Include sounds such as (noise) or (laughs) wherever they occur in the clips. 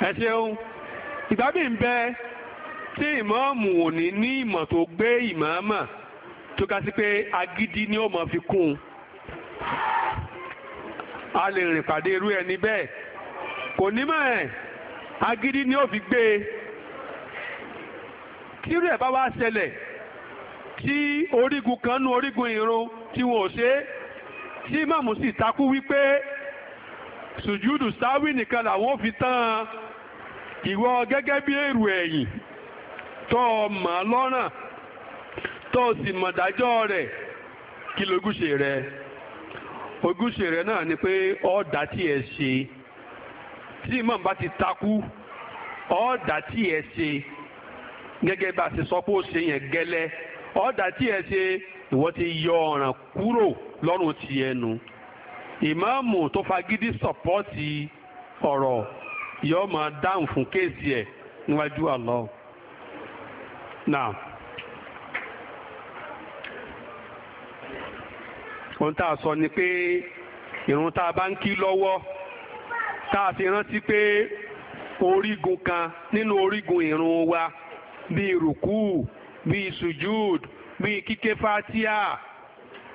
ẹ ṣeun ìgbà bí ń bẹ tí ìmọ̀ọ́mù ò ní ní ìmọ̀ tó gbé ìmọ̀ọ́mà tó ga sí pé agídí ni ó mọ̀ fi kún un a lè rìn pàdé irú ẹni bẹ́ẹ̀ kò ní mọ̀ ẹ̀ agídí ni ó fi gbé e tí irú ẹ̀ bá wá ṣẹlẹ̀ tí orígun kan nu orígun ìrun tí wọn ò ṣe é tí mọ̀mù sì takú wípé sùjúdù sáwì nìkan làwọn ò fi tán an. ìwọ gẹ́gẹ́ bí èrò ẹ̀yìn tó o lọ́nà tó o sì mọ̀ dájọ́ rẹ̀ kí lógúnṣe rẹ̀? ogúnṣe rẹ̀ náà ni pé ọ̀dà tí ẹ ṣe tí imam bá ti takú ọ̀dà tí ẹ ṣe gẹ́gẹ́ bá a ti sọ pé ó ṣe yẹn ti yọ ọ̀ràn kúrò lọ́rùn tiẹ̀ nu ìmáàmù tó yóò ma dáhùn fún kéèsì ẹ níwájú Allah náà ohun tá a sọ ni pé ìrun tá a bá ń kí lọ́wọ́ tá a fi rántí pé orígun kan nínú orígun ìrun wa bíi rùkú bíi sujud bíi kíké fatia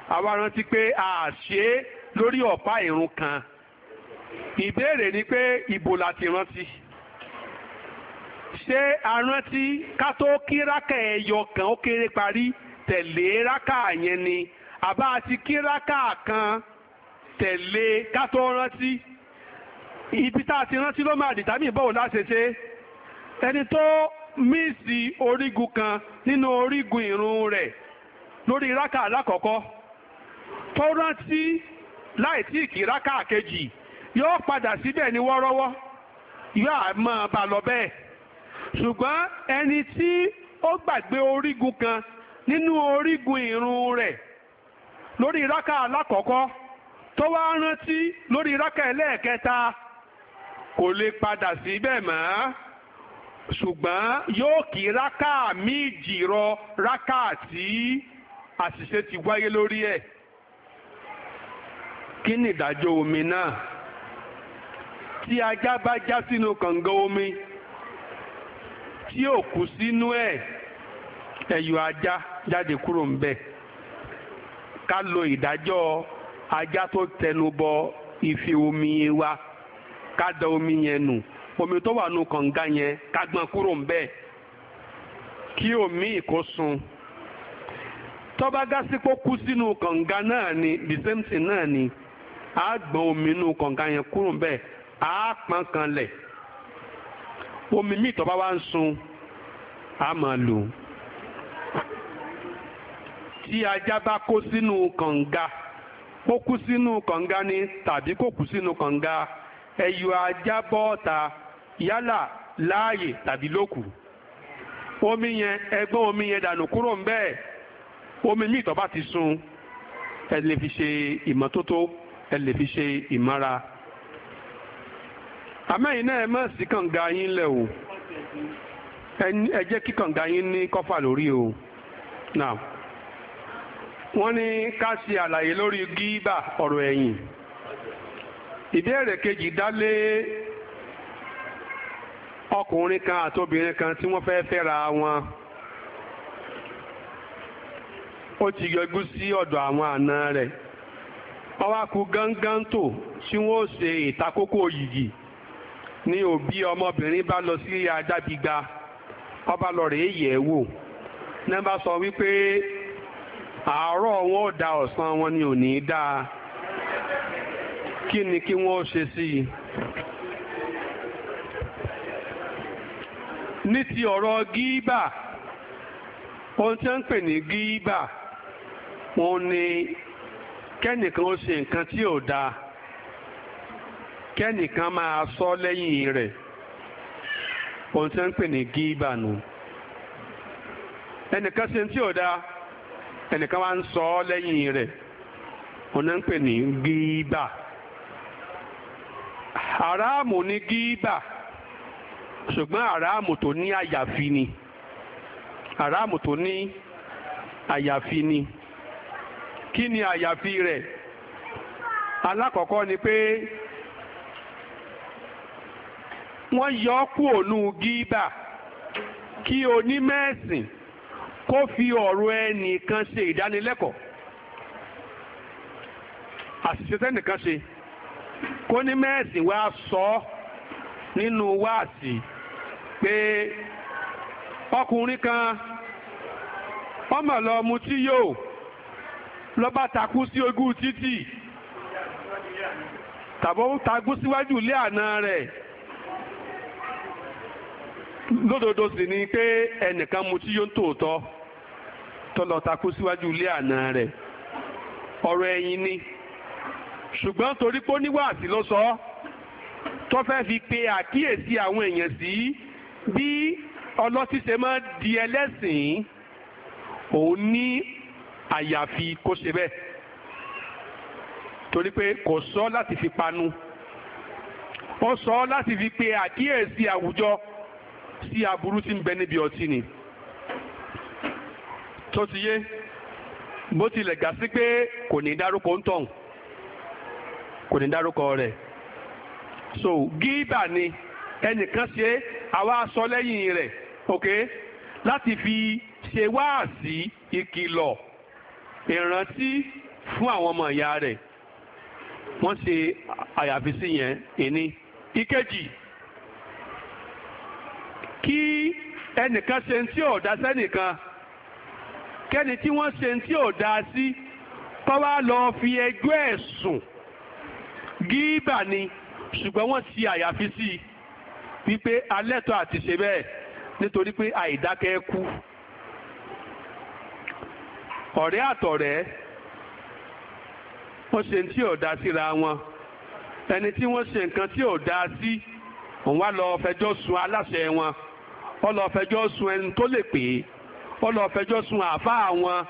àwa rántí pé a ṣe lórí ọ̀pá ìrun kan ìbéèrè ni pé ibo la ti rántí ṣé a rántí ká tó kí rákà ẹyọ kan ó kéré parí tẹ̀lé rákà yẹn ni àbá àti kí rákà kan tẹ̀lé ká tó rántí ibi tá a ti rántí ló máa dìtàmì bọ́ọ̀ láṣẹṣe ẹni tó míìsì orígun kan nínú orígun ìrun rẹ̀ lórí rákà alákọ̀ọ́kọ́ tó rántí láì tí kí rákà kejì yóò padà síbẹ̀ ní wọ́rọ́wọ́ yóò àmọ́ bá lọ bẹ́ẹ̀ ṣùgbọ́n ẹni tí ó gbàgbé orígun kan nínú orígun irun rẹ̀ lórí rákà alákọ̀ọ́kọ́ tó wá rántí lórí rákà ẹlẹ́ẹ̀kẹta kò lè padà síbẹ̀ mọ́ ṣùgbọ́n yóò kí tí àṣìṣe ti wáyé lórí ẹ̀ kí ni omi náà. tí ajá bá já sínú kànga omi tí ò kú sínú ẹ̀ ẹ̀yọ̀ ajá jáde kúrò ń bẹ̀ ká lo ìdájọ́ ajá tó tẹnubọ ife omi wa ká da omi yẹn nù omi tó wà nù kànga yẹn ká gbọn kúrò ń bẹ̀ kí omi ìkó sun tọ́ba gásíkó kú sínú kànga náà ni the same thing náà ni a gbọn omi nù kànga yẹn kúrò ń bẹ̀ á pọn kan lẹ̀ omi míì tó bá wá ń sun á máa lò tí ajá bá kó sínú kànga ó kú sínú kànga ni tàbí kò kú sínú kànga ẹyọ ajá bọ́ ọ̀ta yálà láàyè tàbí lókù omi yẹn ẹgbọ́n omi yẹn dànù kúrò bẹ́ẹ̀ omi míì tó bá ti sun ẹ lè fi ṣe ìmọ́tótó ẹ lè fi ṣe ìmọ́ra. àmẹ́yìn náà ẹ má sí kànga yín o ẹ jẹ́ kí kànga yín ní kọ́fà lórí o wọ́n ní ká ṣe àlàyé lórí gíbà ọ̀rọ̀ ẹ̀yìn ìbéèrè kejì dálé ọkùnrin kan àtobìnrin kan tí wọ́n fẹ́ fẹ́ra wọn ó ti yọjú sí ọ̀dọ̀ àwọn àna rẹ̀ gángan tó tí wọ́n ni òbí ọmọbìnrin bá lọ sí adábígba ọba lọ rèé yẹ̀ ẹ́ wò nẹ́ẹ̀bá sọ wípé àárọ̀ wọn ò da ọ̀sán wọn ni ò ní í dáa kí ni kí wọ́n ṣe sí i. ní ti ọ̀rọ̀ gíbà ohun tí wọ́n ń pè ní gíbà òun ni kẹ́nìkan ó ṣe nǹkan tí ò dáa. kẹ́nìkan máa sọ lẹ́yìn rẹ̀ ohun tí wọ́n ń pè ní gíbà nù ẹnìkan ṣe tí ò dáa ẹnìkan wá ń sọ lẹ́yìn rẹ̀ òun náà ń pè ní gíbà haramu ní gíbà ṣùgbọ́n haramu tó ní àyàfi ni haramu tó ní àyàfi ni kí ni àyàfi rẹ̀ alákọ̀ọ́kọ́ ni pé. wọ́n yọ ọ́ kú ònú gíbà kí onímẹ̀sìn kó fi ọ̀rọ̀ ẹnìkan ṣe ìdánilẹ́kọ̀ọ́ àṣìṣe tẹ́nìkan ṣe kó ní mẹ́sìn wá sọ ọ́ nínú wáàsí pé ọkùnrin kan ọmọ lọ mutí yóò lọ́ba takú sí ojú títì tàbó takú síwájú ilé àná rẹ̀ lódodo sì ni pé ẹnìkan mu tí yóò ń tòótọ́ tọ́lọ takú síwájú ilé àná rẹ̀ ọ̀rọ̀ ẹ̀yìn ni ṣùgbọ́n torí pé oníwàásí ló sọ tó fẹ́ fi pe àkíyèsí àwọn èèyàn sí bí ọlọ́tí ṣe máa di ẹlẹ́sìn òun ní àyàfi kó ṣe bẹ́ẹ̀ torí pé kò sọ láti fi panu ó sọ láti fi pe àkíyèsí àwùjọ sí aburú tí ń bẹ níbi ọtí ni tó ti yé bó tilẹ̀ gà sí pé kò ní dárúkọ ń tọ̀hún kò ní dárúkọ rẹ̀ so gíbà ni ẹnìkan ṣe àwa aṣọ lẹ́yìn rẹ̀ ok láti fi ṣe wáàsí ìkìlọ̀ ìrántí fún àwọn ọmọ ìyá rẹ̀ wọ́n ṣe àyàfi sí yẹn ìní ìkejì kí ẹnìkan ṣe ń tí ò dá sẹ́nìkan kẹ́ni tí wọ́n ṣe ń tí ò dá sí kọ́ wá lọ fi ẹjọ́ ẹ̀sùn gíbà ni ṣùgbọ́n wọ́n ti àyàfi sí i wípé alẹ́tọ̀ àti ṣe bẹ́ẹ̀ nítorí pé àìdákẹ́ kú ọ̀rẹ́ àtọ̀rẹ́ wọ́n ṣe ń tí ò dá síra wọn ẹni tí wọ́n ṣe nǹkan tí ò dá sí òun wá lọ fẹjọ́ sun aláṣẹ wọn wọ́n lọ fẹjọ́ sun ẹni tó lè pè é wọ́n lọ fẹjọ́ sun àáfàá wọn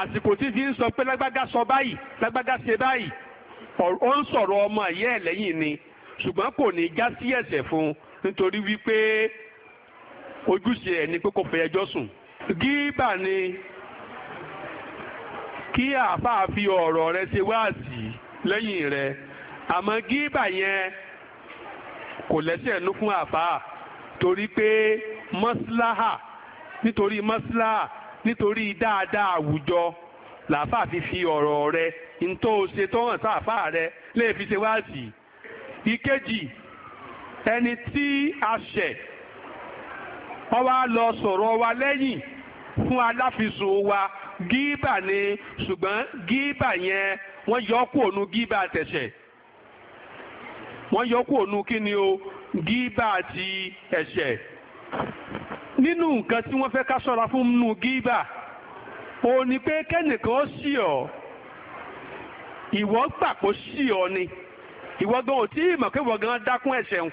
àsìkò tí fi ń sọ pé lágbága sọ báyìí lágbága ṣe báyìí ó ń sọ̀rọ̀ ọmọ ìyá ẹ̀ ni ṣùgbọ́n kò ní já sí ẹ̀ṣẹ̀ fún nítorí wípé ojúṣe ẹ̀ ni pé kò fẹ́ ẹjọ́ sùn. gíbà ni kí àáfàá fi ọ̀rọ̀ rẹ ṣe wáàsí lẹ́yìn rẹ àmọ́ gíbà yẹn kò lẹ́sẹ̀ nú fún àáfàá. torí pé mọ́síláhà nítorí mọ́síláhà nítorí dáadáa àwùjọ làáfà fi fi ọ̀rọ̀ rẹ ntọ́ ṣe tó hàn sáàfà rẹ lè fi ṣe wáàsì. ìkejì ẹni tí a ṣẹ̀ wọ́n wá lọ sọ̀rọ̀ wa lẹ́yìn fún aláfisùn wa gíbà ni ṣùgbọ́n gíbà yẹn wọ́n yọ kú ònu gíbà tẹ̀sẹ̀ wọ́n yọ kú ònu kí ni o gíbà àti ẹ̀ṣẹ̀ nínú nǹkan tí wọ́n fẹ́ ká ṣọ́ra fún nínú gíbà ó ní pé kẹ́nìkan ó ṣì ọ́ ìwọ gbà kó ni ìwọ gan ò tí ì mọ̀ pé ìwọ gan dákún ẹ̀ṣẹ̀ ń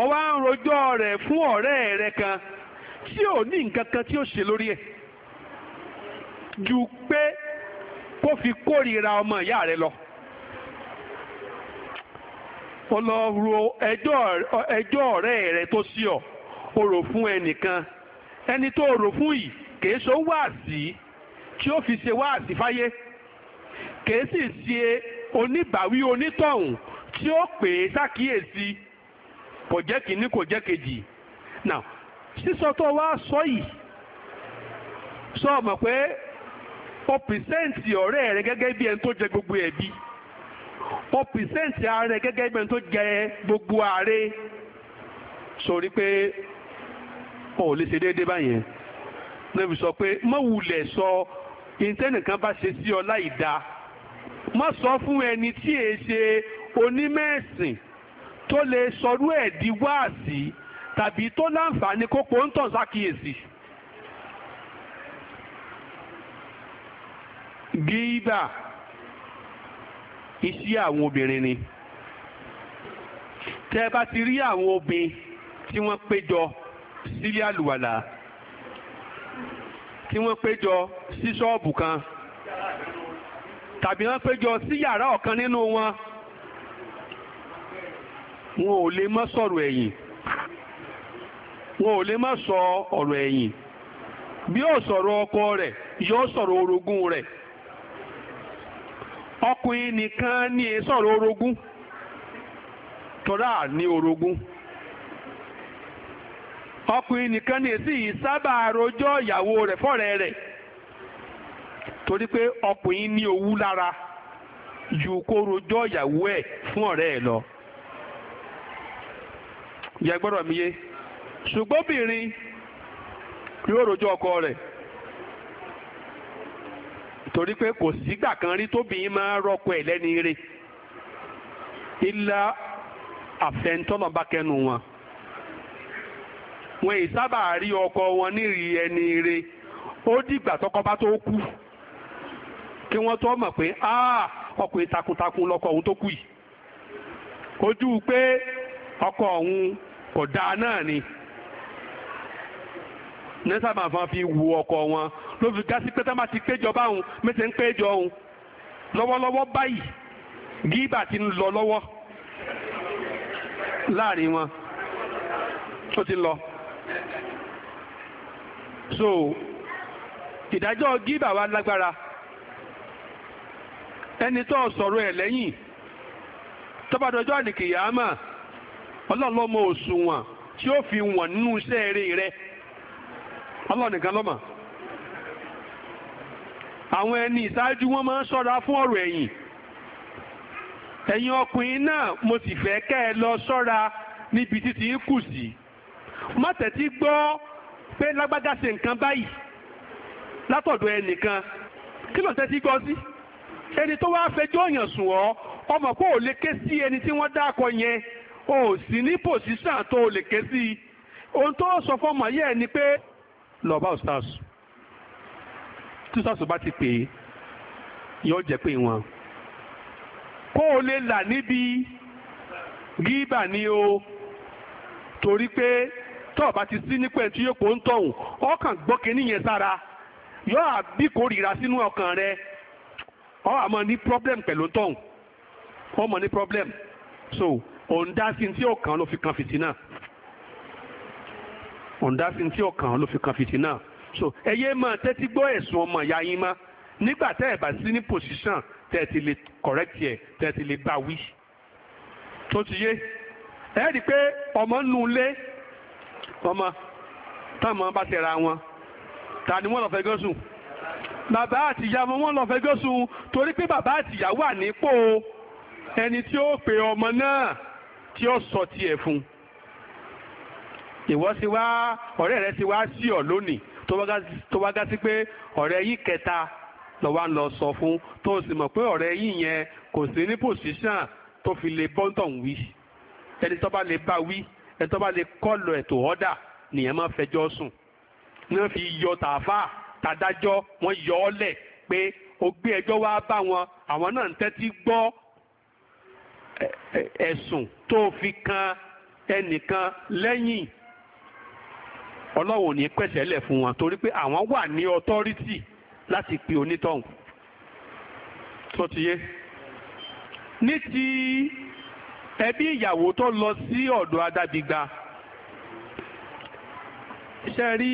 ó wá ń rojọ́ rẹ̀ fún ọ̀rẹ́ rẹ̀ kan tí ò ní nǹkan kan tí ó ṣe lórí ẹ̀ ju pé kó fi kórìíra ọmọ ìyá rẹ̀ lọ ó lọ ro ẹjọ́ ọ̀rẹ́ rẹ tó sí ọ ó rò fún ẹnìkan ẹni tó rò fún yìí kìí so wáàsí tí ó fi ṣe wáàsí fáyé kìí sì ṣe oníbàwí onítọ̀hún tí ó pè é ṣàkíyèsí kò jẹ́ kìíní kò jẹ́ kejì now sísọ tó wá sọ yìí sọ ọmọ pé o pìrìsẹ́ǹtì ọ̀rẹ́ rẹ gẹ́gẹ́ bí ẹni tó jẹ gbogbo ẹ̀bi. E ó pìsẹ́ǹtì ààrẹ gẹ́gẹ́ bí ẹni tó jẹ gbogbo ààrẹ sọrí pé ò lè ṣe déédéé báyẹn lẹ́bi sọ pé mọ̀wulẹ̀ sọ ìtẹ́nìkan bá ṣe sí ọ láì dáa má sọ fún ẹni tí è ṣe onímẹ̀sìn tó lè sọrú ẹ̀ di wáàsí tàbí tó láǹfààní kókó ń tàn sákìyèsí. gíbà iṣẹ́ àwọn obìnrin ni tẹ́ bá ti rí àwọn obìnrin tí wọ́n péjọ sílé àlùwàlà tí wọ́n péjọ sí ṣọ́ọ̀bù kan tàbí wọ́n jọ sí yàrá ọ̀kan nínú wọn wọn ò lè má sọ̀rọ̀ ẹ̀yìn wọn ò lè má sọ ọ̀rọ̀ ẹ̀yìn bí ó sọ̀rọ̀ ọkọ rẹ̀ yóò sọ̀rọ̀ orogún rẹ̀. ọkùnrin nìkan ní sọ̀rọ̀ orogún tọ́lá ní orogún ọkùnrin nìkan ní sì sábà rojọ́ ìyàwó rẹ̀ fọ́rẹ́ rẹ̀ torí pé ọkùnrin ní owú lára ju kó rojọ́ ìyàwó ẹ̀ fún ọ̀rẹ́ ẹ̀ lọ yẹ gbọ́dọ̀ mi yé ṣùgbọ́n obìnrin yóò rojọ́ ọkọ rẹ̀. torí pé kò sígbà kan rí tóbìnrin máa rọ́kọ ẹ̀ lẹ́ni rẹ̀ ilá àfẹnutọ́lọ́ba kẹnu wọn wọn ì sábà rí ọkọ wọn nírì ẹni rẹ̀ ó dìgbà tọkọ bá tó kú kí wọn tó mọ̀ pé ọkùnrin takuntakun lọkọ òun tó kù yìí ojú pé ọkọ òun kò dáa náà ni ní sábà fún fi wu ọkọ wọn ló fi gá sí pé tá má ti péjọba òun mẹ́sẹ̀ ń péjọ òun lọ́wọ́lọ́wọ́ báyìí gíbà ti ń lọ lọ́wọ́ láàrin wọn tó ti lọ. so ìdájọ́ gíbà wa lágbára ẹni tó sọ̀rọ̀ ẹ̀ lẹ́yìn tọ́bàdọ́jọ́ àdìkìyàmà ọlọ́ọ̀lọ́mọ òṣùwọ̀n tí ó fi wọ̀n nínú iṣẹ́ eré rẹ̀ ọlọ́ọ̀nìkan lọ́mọ àwọn ẹni ìṣáájú wọn máa ń ṣọ́ra fún ọ̀rọ̀ ẹ̀yìn ẹ̀yin ọkùnrin náà mo sì fẹ́ kẹ́ ẹ lọ ṣọ́ra níbi títí ń kù sí má tẹ́tí gbọ́ pé lágbájá ṣe nǹkan báyìí látọ̀dọ̀ ẹnìkan kí ló tẹ́tí gbọ́ sí ẹni tó wáá fẹjọ́ yàn sùn ọ́ ọmọ kó o lè ké sí ẹni tí wọ́n dákọ yẹn o ò sí ní pòsíṣàn tó o lè ké sí ohun tó sọ fọmọ yẹn ni pé lọ́ọ́ bá ò sáà sùn tí sọ́ọ̀sì bá ti pè é yóò jẹ́ pé wọn. kó o lè là níbi gíbà ni o torí pé tọ́ọ̀ bá ti sí nípẹ́ tí yóò pò ń tọ̀hún ọkàn gbọ́kẹ́ níyẹn sára yóò àbí sínú ọkàn rẹ ọ àmọ́ ní problem pẹ̀lú tọ̀hún ọmọ ní problem so òun dá sí tí ọkàn ló fi kan fìtínà òun dá tí ọkàn ló fi kan fìtínà so ẹyẹ máa tẹ́tí gbọ́ ẹ̀sùn ọmọ ìyá yín mọ́ nígbà tẹ́ ẹ̀ bá sí ní pòsíṣàn tẹ́ ẹ ti lè correct ẹ̀ tẹ́ ẹ ti lè bá wí tó ti yé ẹ rí i pé ọmọ ń nu ilé ọmọ táwọn bá tẹ̀ra wọn ta ni wọ́n lọ fẹ́ gọ́sùn bàbá àti ìyá ọmọ wọn lọ fẹ́ gọ́sùn torí pé bàbá àti ìyá wà nípò ẹni tí ó pè ọmọ náà tí ó sọ tiẹ̀ fún ìwọ sí wá ọ̀rẹ́ rẹ sí wá sí ọ lónìí tó wá gá sí pé ọ̀rẹ́ yìí kẹta lọ wá ń lọ sọ fún tó sì mọ̀ pé ọ̀rẹ́ yìí yẹn kò sí ní pòsíṣàn tó fi lè bọ́ńtọ̀n wí ẹni tó bá lè bá wí ẹni tó bá lè kọ́lù ẹ̀tọ́ ọ̀dà nìyẹn máa fẹjọ́ sùn ni wọ́n fi yọ tààfà tàdájọ́ wọ́n yọ ọ́ lẹ̀ pé ó gbé ẹjọ́ wá bá wọn àwọn náà ń tẹ́tí gbọ́ ẹ̀sùn tó fi kan ẹnìkan lẹ́yìn ọlọ́run ò ní pẹ̀sẹ̀ lẹ̀ fún wọn torí pé àwọn wà ní ọtọ́rítì láti pe onítọ̀hún tó ti yé ní ti ẹbí ìyàwó tó lọ sí ọ̀dọ̀ adábìgba iṣẹ́ rí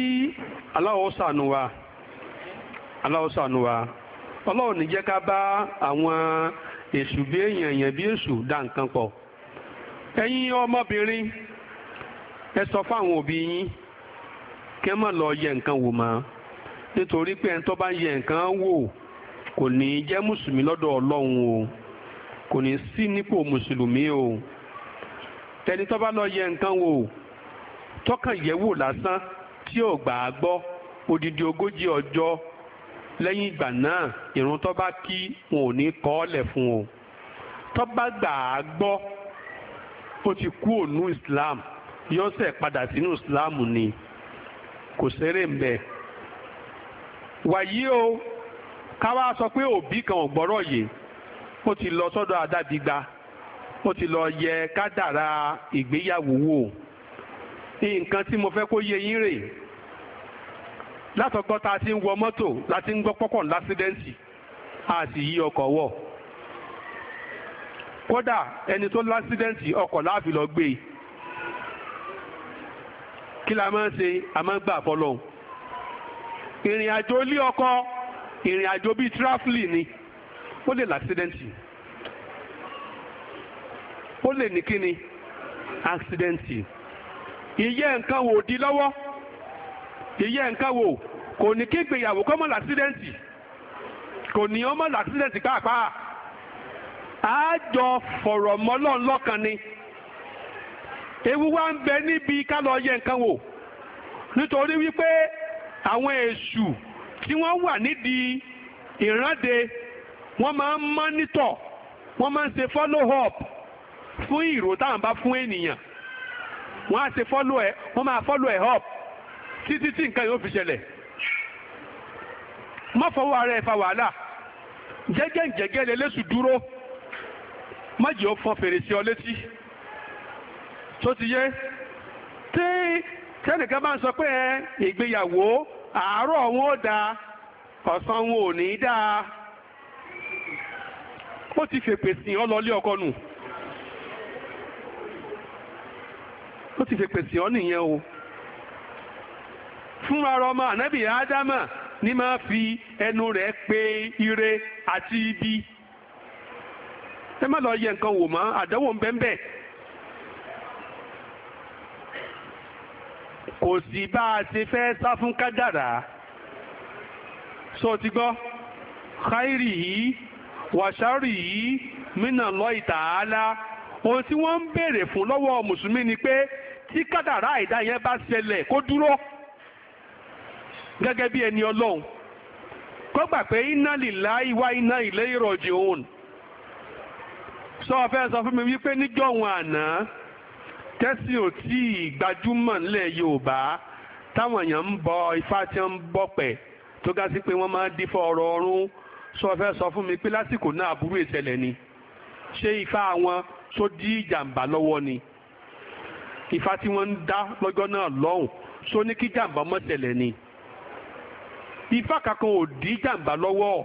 aláwọ̀ sànù wa aláwọ̀ sànù wa ọlọ́run ní jẹ́ ká bá àwọn èṣù bí èèyàn èèyàn bí èṣù dá nǹkan pọ̀ ẹ̀yin ọmọbìnrin ẹ sọ fáwọn òbí yín kẹ́ mọ̀ lọ yẹ nǹkan wò mọ́ nítorí pé ẹni tó bá ń yẹ nǹkan wò kò ní jẹ́ mùsùlùmí lọ́dọ̀ ọlọ́run o kò ní sí nípò mùsùlùmí o ẹni tó bá lọ yẹ nǹkan wò tọkàn yẹ̀ wò lásán tí ò gbà á gbọ́ odidi ogójì ọjọ́ lẹ́yìn ìgbà náà ìrun tó bá kí wọn ò ní kọ́ ọ́ lẹ̀ fún o tó bá gbà á gbọ́ ó ti kú ònú Islam yọ́sẹ̀ padà sínú Islam ni kò ṣeré ń bẹ̀. wàyí o káwá sọ pé òbí kan ò gbọ́rọ̀ yìí ó ti lọ sọ́dọ̀ adábígba ó ti lọ yẹ kádàrá ìgbéyàwó wò nǹkan tí mo fẹ́ kó yé yín rèé látọ̀gbọ́ tá ti ń wọ mọ́tò la ń gbọ́ pọ́pọ̀ lásídẹ́ǹtì a sì yí ọkọ̀ wọ̀ kódà ẹni tó lásídẹ́ǹtì ọkọ̀ láàfin lọ gbé e kí la máa ń ṣe a máa ń gbà fọlọ́hún ìrìn àjò ilé ọkọ ìrìn àjò bíi tíráfìlì ni ó lè làksidẹ́ǹtì ó lè ní kíni àksidẹ́ǹtì ìyẹ́ nǹkan wò di lọ́wọ́ ìyẹ́ nǹkan wò kò ní kí ìgbéyàwó kọ́ mọ́ làksidẹ́ǹtì kò ní ọmọ làksidẹ́ǹtì pàápàá àjọ fọ̀rọ̀mọ́lọ́ọ̀lọ́kan ni ewu wá ń bẹ níbi ká lọ yẹ nǹkan wò nítorí wípé àwọn èṣù tí wọ́n wà nídìí ìrande wọ́n máa ń mọ́nítọ̀ wọ́n máa ń ṣe follow up fún ìró táwọn bá fún ènìyàn wọ́n á ṣe follow ẹ̀ wọ́n máa follow ẹ̀ up títí tí nǹkan yóò fi ṣẹlẹ̀ má fọwọ́ ara ẹ̀ fa wàhálà jẹ́gẹ́ jẹ́gẹ́ lẹ́lẹ́sù dúró má jẹ́ ó fọn fèrèsé ọ létí. tó ti yé tí tẹnìkan bá ń sọ pé ìgbéyàwó àárọ̀ wọn ò dáa ọ̀sán wọn ò ní dáa ó ti fèpè sìn ọ́ lọlé ọkọ nù ó ti fèpè sìn ọ nìyẹn o fún ara ọmọ ànábì ádámà ní máa fi ẹnu rẹ pé ire àti ibi ẹ má lọ yẹ nǹkan wò mọ́ àdánwò ń bẹ́ńbẹ́. kò sí bá a ti fẹ́ sá fún kádàrá so ti gbọ́ khairi yìí wàṣárì yìí mínà lọ ìtààlà ohun tí wọ́n ń béèrè fún lọ́wọ́ mùsùlùmí ni pé tí kádàrá àìdá yẹn bá ṣẹlẹ̀ kó dúró gẹ́gẹ́ bí ẹni ọlọ́run kó gbà pé iná lìlá ìwá iná ilé ìrọ̀jì òun sọ fẹ́ sọ fún mi wípé níjọ́ òun àná tẹ́sí ò tí ì gbajúmọ̀ nílẹ̀ Yorùbá táwọn èèyàn ń bọ ifá tí wọ́n ń bọ pẹ̀ tó ga sí pé wọ́n máa ń dífọ́ ọ̀rọ̀ ọ̀run sọ fẹ́ sọ fún mi pé lásìkò náà aburú ìṣẹ̀lẹ̀ ni ṣé ifá wọn tó dí ìjàmbá lọ́wọ́ ni ifá tí wọ́n ń dá lọ́jọ́ náà lọ́hùn só ní kí jàmbá mọ́ ni ifá kankan ò dí jàmbá lọ́wọ́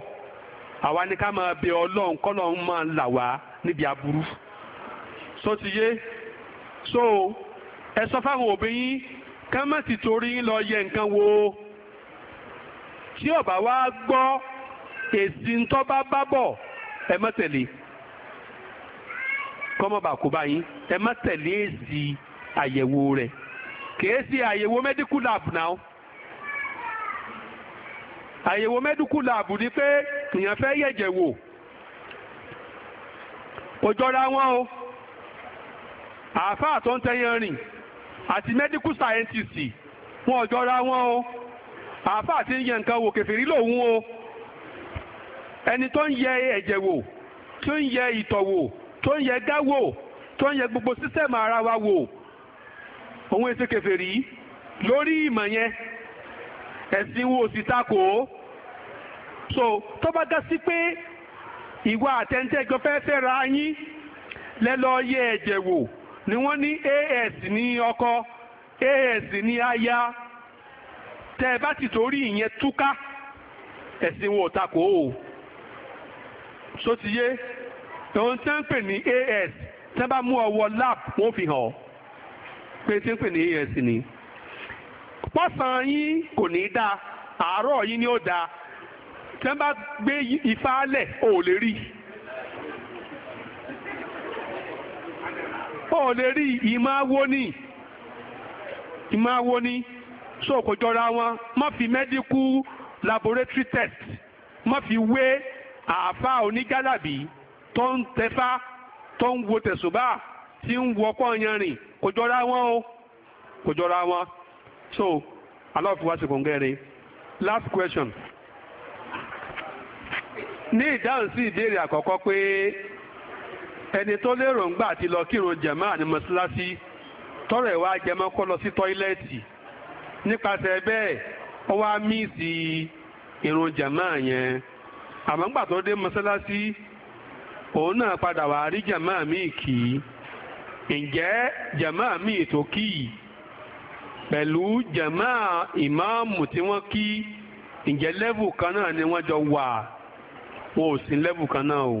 àwa ni ká máa bẹ Ọlọ́run kọ́lọ́run máa ń là wá níbi aburú sọ ti yé. so ẹ sọ fáwọn òbí yín ká má torí yín lọ yẹ nǹkan wo tí ọba wa gbọ́ èsì bá bá bọ̀ ẹ má tẹ̀lé kọ́mọba kò bá yín ẹ má tẹ̀lé èsì àyẹ̀wò rẹ̀ kìí ṣe àyẹ̀wò medical lab náà àyẹ̀wò medical lab ni pé èèyàn fẹ́ yẹ̀jẹ̀ àáfàá tó ń tẹyàn rìn àti medical scientist wọn ò jọra wọn o àáfàá tí ń yẹ nǹkan wò kèfèrí lòun o ẹni tó ń yẹ ẹ̀jẹ̀ wò tó ń yẹ ìtọ̀ wò tó ń yẹ gá wò tó ń yẹ gbogbo sísẹ́mù ara wa wò òun èsì kèfèrí lórí ìmọ̀ yẹn ẹ̀sìn wo sì takò ó so tó bá dá sí pé ìwà àtẹ̀ntẹ̀ gan fẹ́ fẹ́ ra yín lẹ́lọ́ọ́ yẹ ẹ̀jẹ̀ wò ni wọ́n ní as ní ọkọ as ní aya tẹ́ ẹ bá ti torí ìyẹn túká ẹ̀sìn wo tako o so ti yé ohun tí wọ́n ń pè ní as tí wọ́n bá mú ọwọ́ lab wọ́n fi hàn pé tí wọ́n ń pè ní as ni pọ́sàn yín kò ní í dáa àárọ̀ yín ni ó dáa tí wọ́n bá gbé ifá lẹ̀ ò lè rí i. ó lè rí ìmọ̀ awó ní ìmọ̀ awó ní so kò jọra wọn má fi medical laboratory test má fi wé àáfà onígálàbí tó ń tẹfá tó ń wo tẹ̀sùbá tí ń wọ pọ́nyanrìn kò jọra wọn o kò jọra wọn so aláwọ̀fíwá sì kò ń gẹ́rẹ́ last question ní ìdáhùn sí ìbéèrè àkọ́kọ́ pé ẹni tó lérò ń gbà àti lọ kírun jàmáà ní mọ́ṣáláṣí tọrọ ẹ̀ wá jẹmọ́ lọ sí tọ́ílẹ̀tì nípasẹ̀ bẹ́ẹ̀ ó wá míìsì irun yẹn àmọ́ ńgbà tó dé mọ́ṣáláṣí òun náà padà wá rí jàmáà míì kì í ǹjẹ́ tó kì í pẹ̀lú ìmáàmù kan náà ni wọ́n jọ wà wọn ò sí lẹ́vù kan náà o.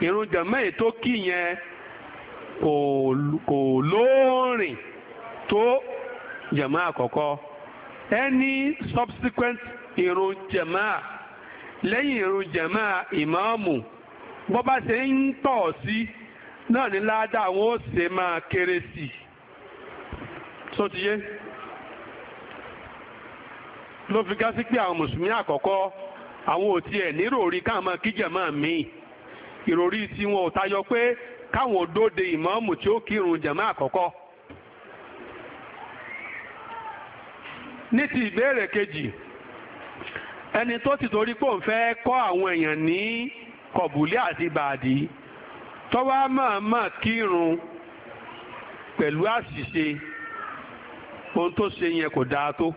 ìrun jẹ̀mọ́ tó kí yẹn kò lóòrìn tó jẹ̀mọ́ àkọ́kọ́ ẹni subsequent ìrun jẹ̀mọ́ lẹ́yìn ìrun jẹ̀mọ́ ìmáàmù bó bá ṣe ń tọ̀ sí náà ní ládà kéré sí i ló fi gá sí pé àwọn mùsùlùmí àkọ́kọ́ àwọn ò tiẹ̀ nírò orí káwọn máa ìròrí tí wọn ò tayọ pé káwọn òdòdè ìmọ̀ọ́mù tí ó kírun jẹ̀mọ́ àkọ́kọ́. ní ti ìbéèrè kejì ẹni tó ti torí pò ń fẹ́ kọ́ àwọn èèyàn ní kọ̀bùlé àti bàdí tọ́wá mọ̀ọ́mọ̀ kírun pẹ̀lú àṣìṣe ohun tó ṣe yẹn kò dáa tó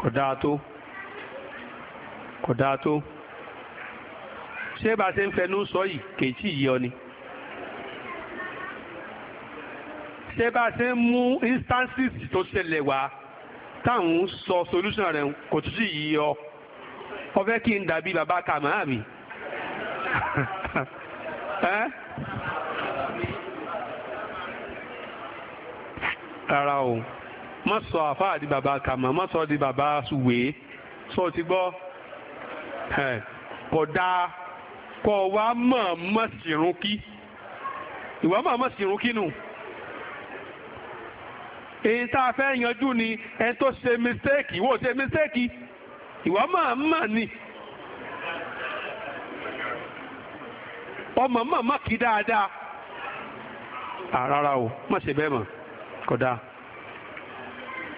kò dáa tó kò dáa tó ṣé bá ṣe ń fẹnu sọ yìí kèétí yọ ni ṣé bá ṣe ń mú instances tó ṣẹlẹ̀ wá táwọn sọ solution rẹ̀ kò tún sí yìí yọ ọ fẹ́ kí n dàbí bàbá kàmáà mi (laughs) rárá o má sọ àfáà di bàbá kàmáà má sọ di bàbá suwèé sọ ti gbọ́ kódà. Kọ wá mọ̀ọ́mọ̀ sírun kí ìwà mọ̀ọ́mọ̀ sírun kí nù èyí tá fẹ́ yanjú ni ẹ tó ṣe mistake ìwọ ṣe mistake ìwà mọ̀ọ́mọ̀ ni ọmọ mọ̀ọ́mọ̀ kí dáadáa àrárá o má ṣe bẹ́ẹ̀ mọ̀ kódà.